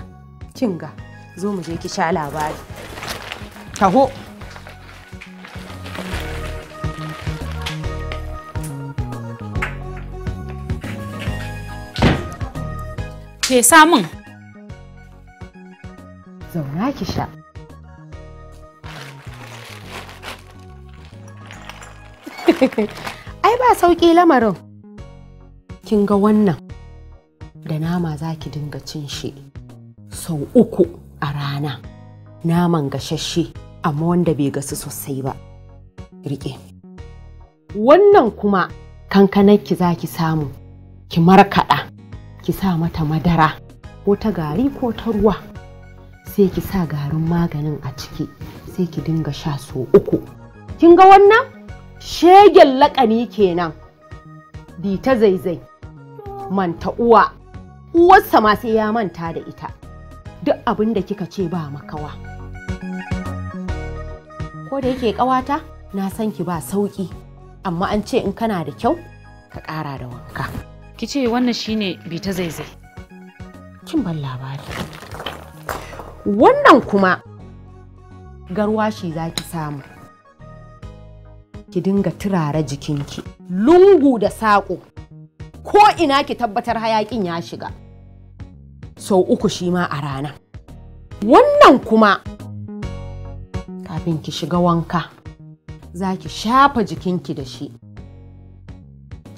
Kinga, zo mu je ki sha labari. Taho! Ke samun. Zauna ki sha. Ai ba sauki lamarin. kin ga wannan da nama za ki dinga cin shi sau uku a rana naman gashashe amma wanda bai gasu sosai ba riƙe wannan kuma kankanarki za ki samu ki markaɗa ki sa mata madara ko ta gari ko ta ruwa sai ki sa garin maganin a ciki sai ki dinga sha so uku kin ga wannan shegen laƙani kenan dita zaizai manta uwa uwarsa ma sai ya manta da ita duk abin da kika ce ba makawa ko da yake ƙawata na san ki ba sauƙi amma an ce in kana da kyau ka ƙara da wanka ki ce wannan shine bi ta zaizai kin ban labari wannan kuma garwashi za ki samu ki dinga turara jikinki lungu da saƙo ko ina ki tabbatar hayakin ya shiga sau uku shi ma a rana wannan kuma kafin ki shiga wanka za ki shafa jikinki da shi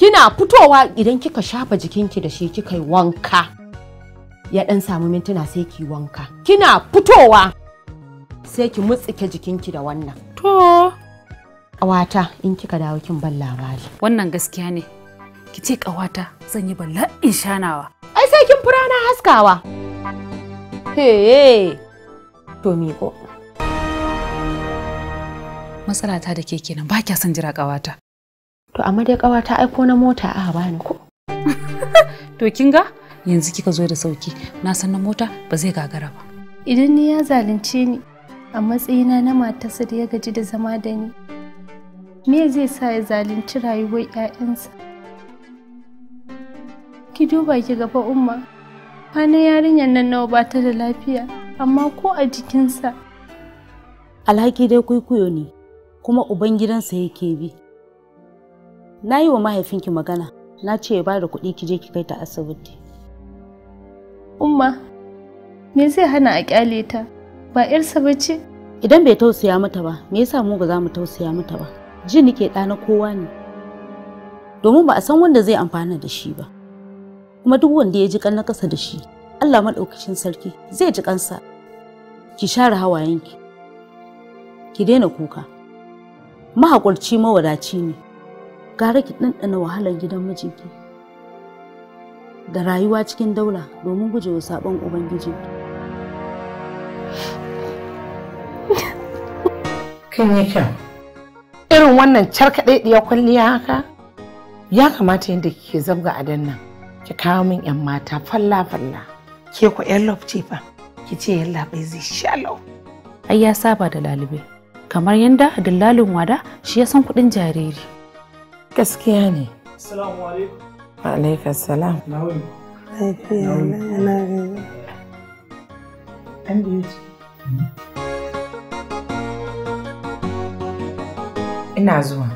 kina fitowa idan kika shafa jikinki da shi kika yi wanka ya ɗan samu mintuna sai ki wanka kina fitowa sai ki mutsike jikinki da wannan to awata in kika dawo kin ban labari wannan gaskiya ne ki ce ƙawata zan yi bala'in shanawa ai sai kin fura na haskawa he to miko matsala ta da ke kenan ba kya son jira ƙawata to amma dai ƙawata ai na mota a bani ko to kin ga yanzu kika zo da sauki na san na mota ba zai gagara ba idan ni ya zalunce ni a matsayina na matarsa da ya gaji da zama da ni me zai sa ya zalunci rayuwar 'ya'yansa ki duba ki gaba umma kwanan yarinyar nan nawa ba ta da lafiya amma ko a jikinsa alhaki dai kuikuyo ne kuma uban gidansa yake bi na yi wa mahaifinki magana na ce ya bada kuɗi ki je ki kai ta asibiti umma me zai hana a kyale ta ba yarsa ba ce idan bai tausaya mata ba me yasa mu ba zamu tausaya mata ba ji nike ɗa na kowa ne domin ba a san wanda zai amfana da shi ba kuma duk wanda ya ji kan na da shi Allah maɗaukacin sarki zai ji kansa ki share hawayenki ki daina kuka mahaƙurci mawadaci ne gara ki ɗanɗana wahalar gidan mijinki da rayuwa cikin daula domin gujewa sabon ubangiji kin yi kyau irin wannan carkaɗe ɗiya kwalliya haka ya kamata yadda kike zabga a dannan ki kawo min yan mata falla falla ke ku yan lof ce fa ki ce yan labai zai sha lau ai ya saba da lalube kamar yanda dillalin wada shi ya san kuɗin jariri gaskiya ne assalamu alaikum wa alaikum assalam ina zuwa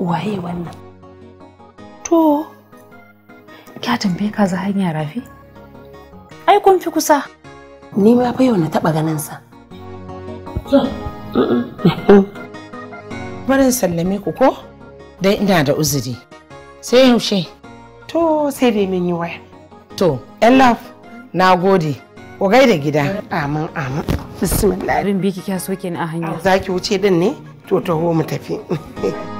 waye wannan to kya tambaye ka za hanya rafi ai kun fi kusa ni ma fa yau na taba ganin sa barin sallame ku ko dai ina da uzuri sai yaushe to sai dai min yi waya to in love na gode ku gaida gida amin amin bismillah abin biki kya soke ni a hanya zaki wuce din ne to taho mu tafi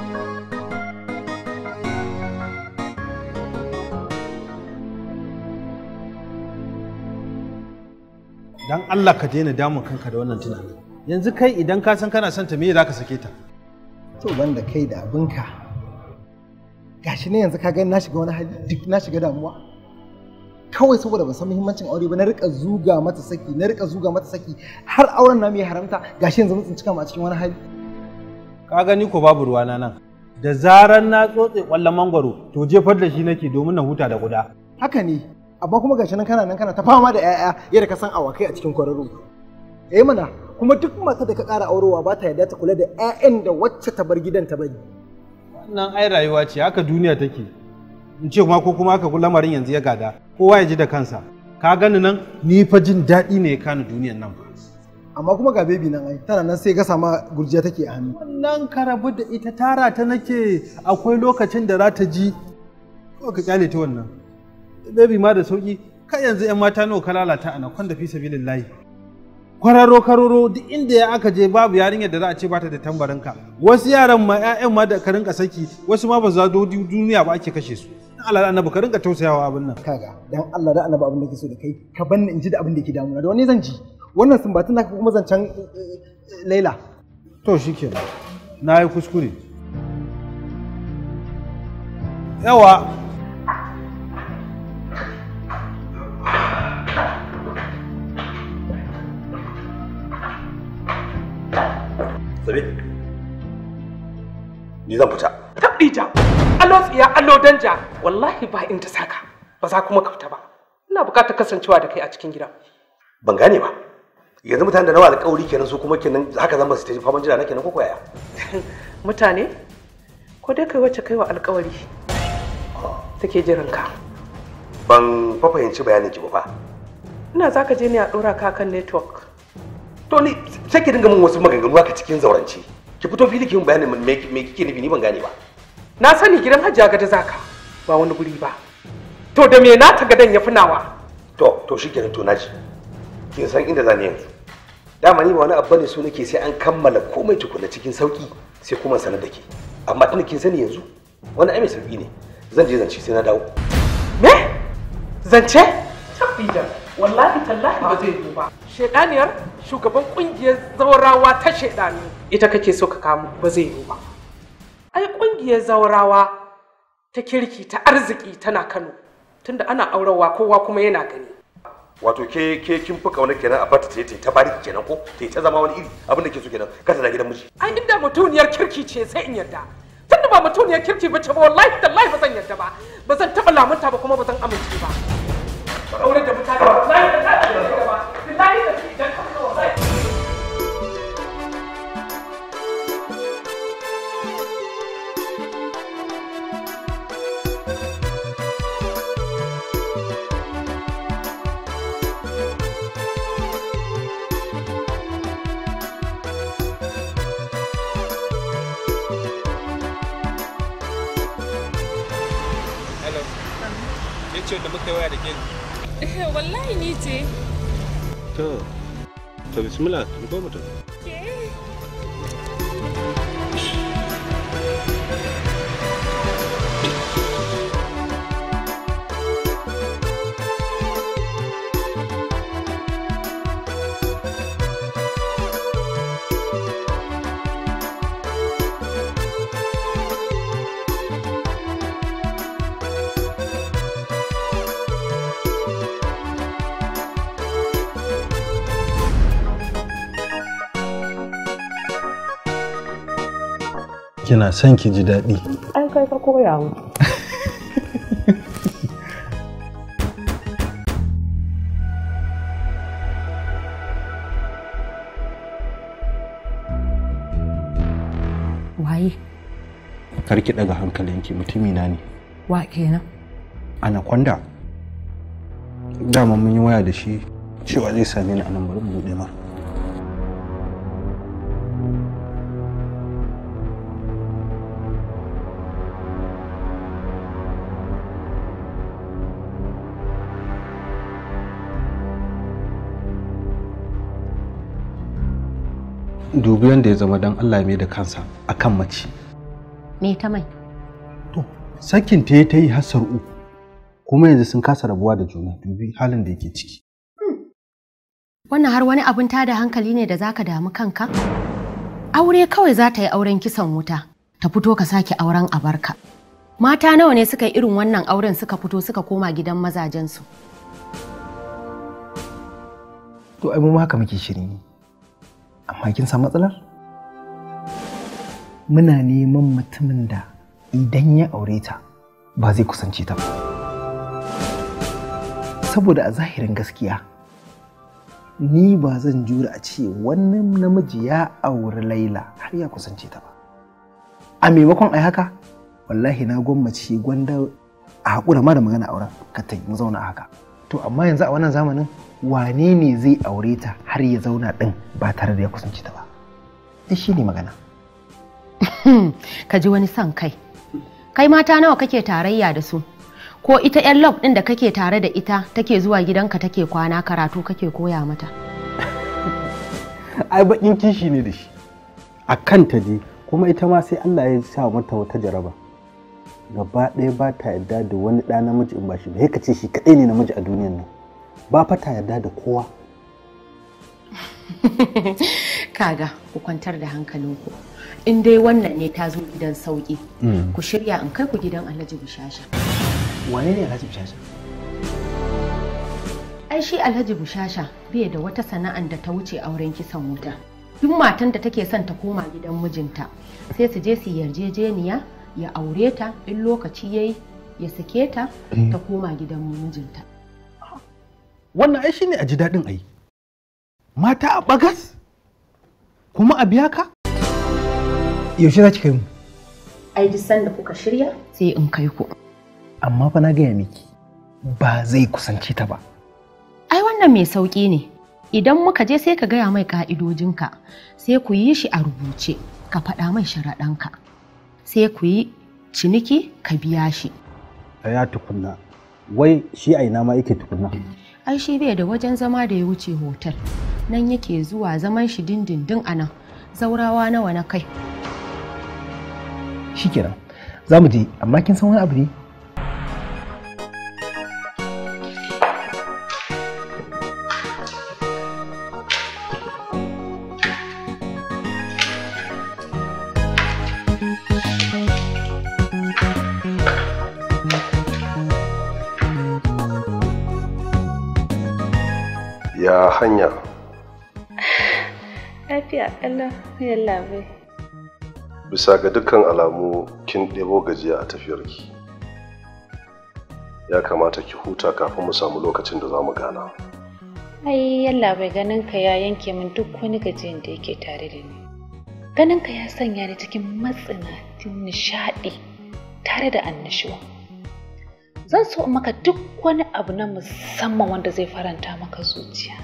dan Allah ka daina damun kanka da wannan tunanin yanzu kai idan ka san kana son ta me za ka sake ta to banda kai da abinka gashi ne yanzu ka ga na shiga wani hali duk na shiga damuwa kawai saboda ban san muhimmancin aure ba na rika zuga mata saki na rika zuga mata saki har auren na mai haramta gashi yanzu mun tsinci kama a cikin wani hali ka gani ko babu ruwana nan da zaran na tsotse kwallon mangwaro to jefar da shi nake domin na huta da guda haka ne amma kuma gashi nan kana nan kana ta fama da 'ya'ya yadda ka san awakai a cikin kwararru. eh mana kuma duk masu da ka ƙara aurowa ba ta yarda ta kula da 'ya'yan da wacce ta bar gidan ta bari wannan ai rayuwa ce haka duniya take in ce kuma ko kuma haka lamarin yanzu ya gada kowa ya ji da kansa ka gani nan ni fa jin daɗi ne ya kani duniyan nan amma kuma ga bebi nan ai tana nan sai gasa ma gurjiya take a hannu wannan karabu da ita tara ta nake akwai lokacin da za ta ji Ko ka kyale ta wannan ɗabi ma da sauƙi. ka yanzu yan mata nawa ka lalata ana kwan da fi sabilillahi kwararo karoro duk inda ya aka je babu yarinyar da za a ce bata da tambarinka wasu yaran ma ƴaƴan ma da ka rinka saki wasu ma ba za duniya ba ake kashe su dan Allah annabi ka rinka tausayawa abin nan kaga dan Allah da annabi abin da ke so da kai ka banni in ji da abin da ke damuna da wani zan ji wannan sumbatun naka kuma zancen eh, eh, Laila to shikenan na yi kuskure yawa tsare. Ni zan fita. ja. Allo tsiya allo danja. Wallahi ba in ta saka. Ba za kuma ka fita ba. Ina bukatar kasancewa da kai a cikin gida. Ban gane ba. Yanzu mutanen da nawa alƙawari kenan su kuma kenan haka zan ba su tafi faman jira na kenan ko koyaya. Mutane ko dai kai wacce kai wa alƙawari. Take jiran ka. Ban fa fahimci bayanin ki ba Ina zaka je ne a ɗora ka kan network. to ni sai ki dinga min wasu maganganu haka cikin zaurance ki fito fili ki bayanin me kike nufi ni ban gane ba na sani gidan hajji ga ta zaka ba wani guri ba to da me na ta gadan ya funawa to to kenan to naji kin san inda zani yanzu dama ni ba wani Abba ne so nake sai an kammala komai tukuna cikin sauki sai kuma sanar da ke amma tunda kin sani yanzu wani ai sauki ne zan je zance sai na dawo me zance tabbida wallahi tallahi ba zai yi ba shedaniyar shugaban kungiyar zaurawa ta shedani ita kake so ka kamo ba zai yi ba ai kungiyar zaurawa ta kirki ta arziki tana Kano tunda ana aurawa kowa kuma yana gani wato ke ke kin fi kauna kenan a bata ta ta bari kenan ko ta ta zama wani iri abin da ke so kenan ka ta da gidan miji ai inda mutuniyar kirki ce sai in yarda tunda ba mutuniyar kirki ba ce ba wallahi tallahi ba zan yarda ba ba zan taba lamunta ba kuma ba zan amince ba kina son ki ji daɗi. Ai kai ka koya mu. Waye? Kar ki daga hankalinki mutumina ne. Wa kenan? kwanda. Dama mun yi waya da shi cewa zai same ni a nan bari mu buɗe mara. dubi yadda ya zama don Allah mai da kansa a kan mace. Me ta mai? To, sakin ta ta yi hasar uku, kuma yanzu sun kasa rabuwa da juna dubi halin da yake ciki. Wannan har wani abin tada hankali ne da zaka damu kanka? Aure kawai za ta yi auren kisan wuta, ta fito ka sake auren abarka. Mata nawa ne suka yi irin wannan auren suka fito suka koma gidan mazajensu. To, ai mu haka muke shiri ne. amma kin san matsalar muna neman mutumin da idan ya aure ta ba zai kusance ta ba saboda a zahirin gaskiya ni ba zan jura a ce wannan namiji ya auri laila har ya kusance ta ba a maimakon ai haka wallahi na gwammace gwanda a haƙura ma da magana auren ka mu zauna haka to amma yanzu a wannan zamanin wane ne zai aure ta har ya zauna ɗin ba tare da ya kusanci ta ba duk shi ne magana ka ji wani son kai kai mata nawa kake tarayya da su ko ita 'yan lock ɗin da kake tare da ita take zuwa gidanka take kwana karatu kake koya mata ai baƙin kishi ne da shi a kanta je kuma ita ma sai Allah ya sa mata wata jaraba gaba ɗaya ba ta yarda da wani ɗa namiji in ba shi ba ya ce shi kaɗai ne namiji a duniyan nan ba fata yarda da kowa kaga ku kwantar da hankalinku in dai wannan ne ta zo gidan sauƙi, hmm. ku shirya in kai ku gidan alhaji bushasha wane ne alhaji bushasha ai shi alhaji bushasha bai da wata sana'an da ta wuce auren kisan wuta duk matan da take son ta koma gidan mijinta sai su je su yarjejeniya ya aure ta in lokaci yayi ya sake ta ta eh. koma gidan mijinta wannan ai shine a ji daɗin ai mata a bagas kuma a biya ka yaushe za ki kai mu ai duk da kuka shirya sai in kai ku amma fa na gaya miki ba zai kusance ta ba ai wannan mai sauki ne idan muka je sai ka gaya mai ka'idojinka sai ku yi shi a rubuce ka faɗa mai sharaɗanka sai ku yi ciniki ka biya shi ya tukunna wai shi a ina ma yake tukunna ai shi bai da wajen zama da ya wuce hotel nan yake zuwa zaman shi dindindin a nan zaurawa nawa na kai Shi kenan za mu je amma kin san wani abu ne ya hanya lafiya ƙalla labe. bisa ga dukkan alamu kin ɗebo gajiya a tafiyarki ya kamata ki huta kafin mu samu lokacin da za mu gana ai yalla bai ganin ka ya yanke min duk wani gajiyan da yake tare da ni ganin ka ya sanya ni cikin matsinacin nishaɗi tare da annashuwa zan so maka duk wani abu na musamman wanda zai faranta maka zuciya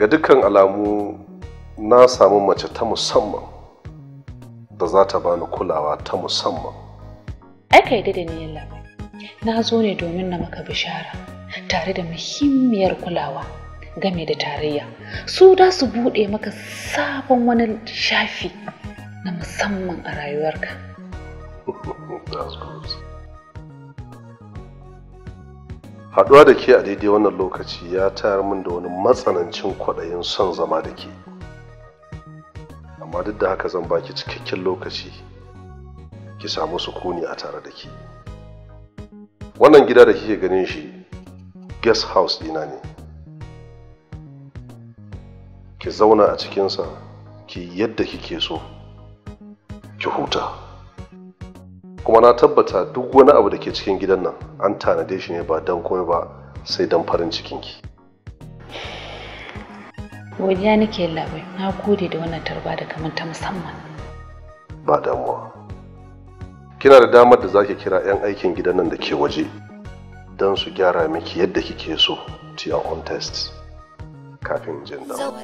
ga dukkan alamu na samu mace ta musamman da za ta bani kulawa ta musamman ai ka yi da niyan labai na zo ne domin na maka bishara tare da muhimmiyar kulawa game da tarayya su da su buɗe maka sabon wani shafi na musamman a rayuwarka Haduwa haɗuwa da ke a daidai wannan lokaci ya tayar min da wani matsanancin kwaɗayin son zama da ke amma duk da haka zan baki cikakken lokaci ki samu sukuni a tare da ke wannan gida da kike ganin shi guest house ɗina ne ki zauna a cikinsa ki yadda kike so ki huta kuma na tabbata duk wani abu da ke cikin gidan nan an tanade shi ne ba don komai ba sai don farin cikinki godiya nake labai na gode da wannan tarba da kamar ta musamman ba damuwa kina da damar da zaki kira 'yan aikin gidan nan da ke waje don su gyara miki yadda kike so ti on test kafin jin dawo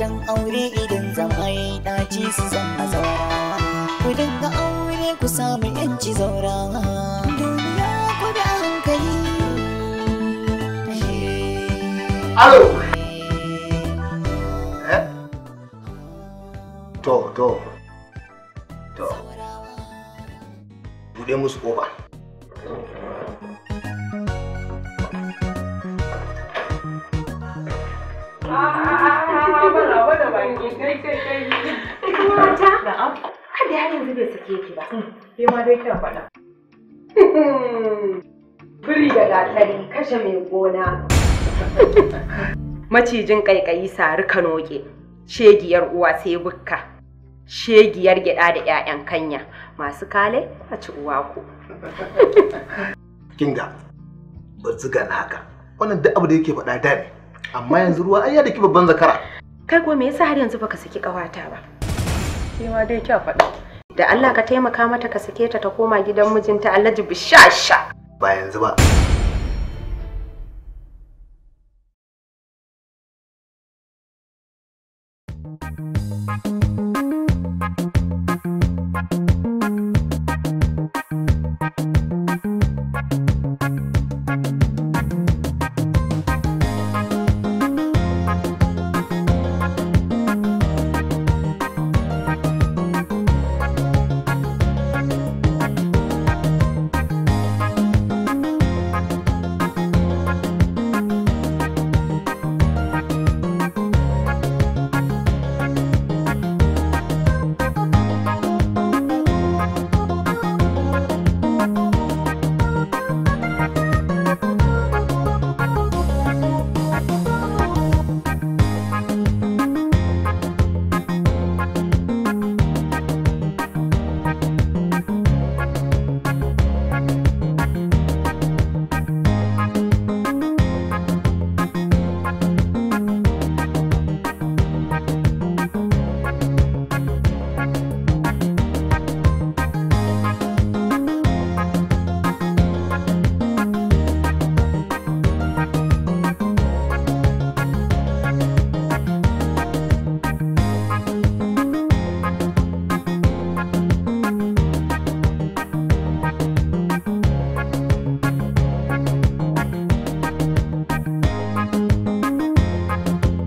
Chẳng ai đi matan aure idan zamai ɗaci su zama zaura ku dinga aure ku samu yanci zaura duniya ku da hankali alo to to to buɗe musu ƙofa Ah! Na'am. Kada har yanzu bai sake ki ba. Ke hmm. ma dai kyan faɗa. Biri da gatari kashe mai gona. Macijin ƙaiƙayi sari ka noge, shegiyar uwa sai bukka, shegiyar gyaɗa da ƴaƴan kanya masu kale a ci uwa ku. Kinga, ba ziga na haka, wannan duk abu da yake faɗa da ne, amma yanzu ruwa ai ya da ki babban zakara. Kai ko me yasa har yanzu baka saki ƙawata ba? shi ma dai kya faɗa da Allah ka taimaka mata ka sake ta ta koma gidan mijinta Alhaji Bishasha ba yanzu ba